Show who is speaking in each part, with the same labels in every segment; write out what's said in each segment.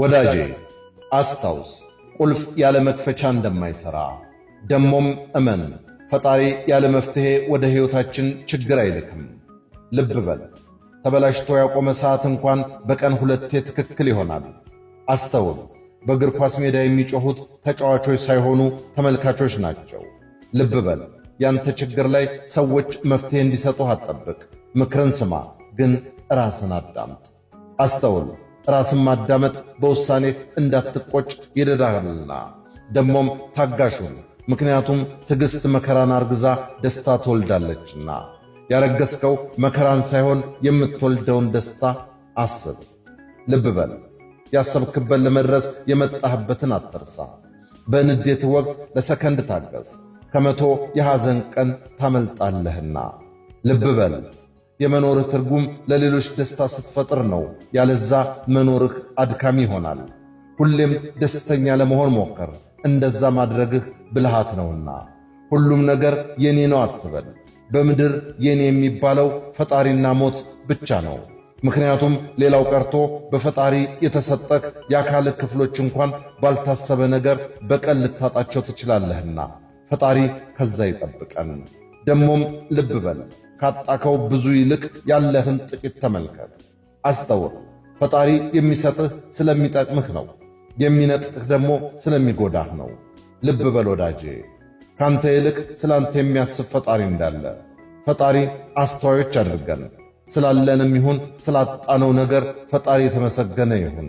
Speaker 1: ወዳጄ አስታውስ፣ ቁልፍ ያለ መክፈቻ እንደማይሠራ ደሞም እመን። ፈጣሪ ያለ መፍትሔ ወደ ሕይወታችን ችግር አይልክም። ልብ በል፣ ተበላሽቶ ያቆመ ሰዓት እንኳን በቀን ሁለቴ ትክክል ይሆናል። አስተውል፣ በእግር ኳስ ሜዳ የሚጮኹት ተጫዋቾች ሳይሆኑ ተመልካቾች ናቸው። ልብ በል፣ ያንተ ችግር ላይ ሰዎች መፍትሔ እንዲሰጡህ አትጠብቅ። ምክርን ስማ፣ ግን ራስን አዳምጥ። አስተውል ራስን ማዳመጥ በውሳኔ እንዳትቆጭ ይደዳልና። ደሞም ታጋሹን ምክንያቱም ትዕግሥት መከራን አርግዛ ደስታ ትወልዳለችና ያረገዝከው መከራን ሳይሆን የምትወልደውን ደስታ አስብ። ልብ በል፣ ያሰብክበት ለመድረስ የመጣህበትን አትርሳ። በንዴት ወቅት ለሰከንድ ታገስ፣ ከመቶ የሐዘን ቀን ታመልጣለህና ልብ በል። የመኖርህ ትርጉም ለሌሎች ደስታ ስትፈጥር ነው። ያለዛ መኖርህ አድካሚ ይሆናል። ሁሌም ደስተኛ ለመሆን ሞክር፣ እንደዛ ማድረግህ ብልሃት ነውና። ሁሉም ነገር የኔ ነው አትበል። በምድር የኔ የሚባለው ፈጣሪና ሞት ብቻ ነው። ምክንያቱም ሌላው ቀርቶ በፈጣሪ የተሰጠህ የአካልህ ክፍሎች እንኳን ባልታሰበ ነገር በቀል ልታጣቸው ትችላለህና ፈጣሪ ከዛ ይጠብቀን። ደሞም ልብ በል ካጣከው ብዙ ይልቅ ያለህን ጥቂት ተመልከት። አስተውል። ፈጣሪ የሚሰጥህ ስለሚጠቅምህ ነው፣ የሚነጥቅህ ደግሞ ስለሚጎዳህ ነው። ልብ በል ወዳጄ፣ ካንተ ይልቅ ስላንተ የሚያስብ ፈጣሪ እንዳለ። ፈጣሪ አስተዋዮች አድርገን፣ ስላለንም ይሁን ስላጣነው ነገር ፈጣሪ የተመሰገነ ይሁን።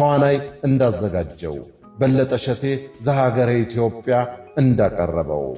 Speaker 1: ተዋናይ እንዳዘጋጀው በለጠ ሸቴ ዘሀገረ ኢትዮጵያ እንዳቀረበው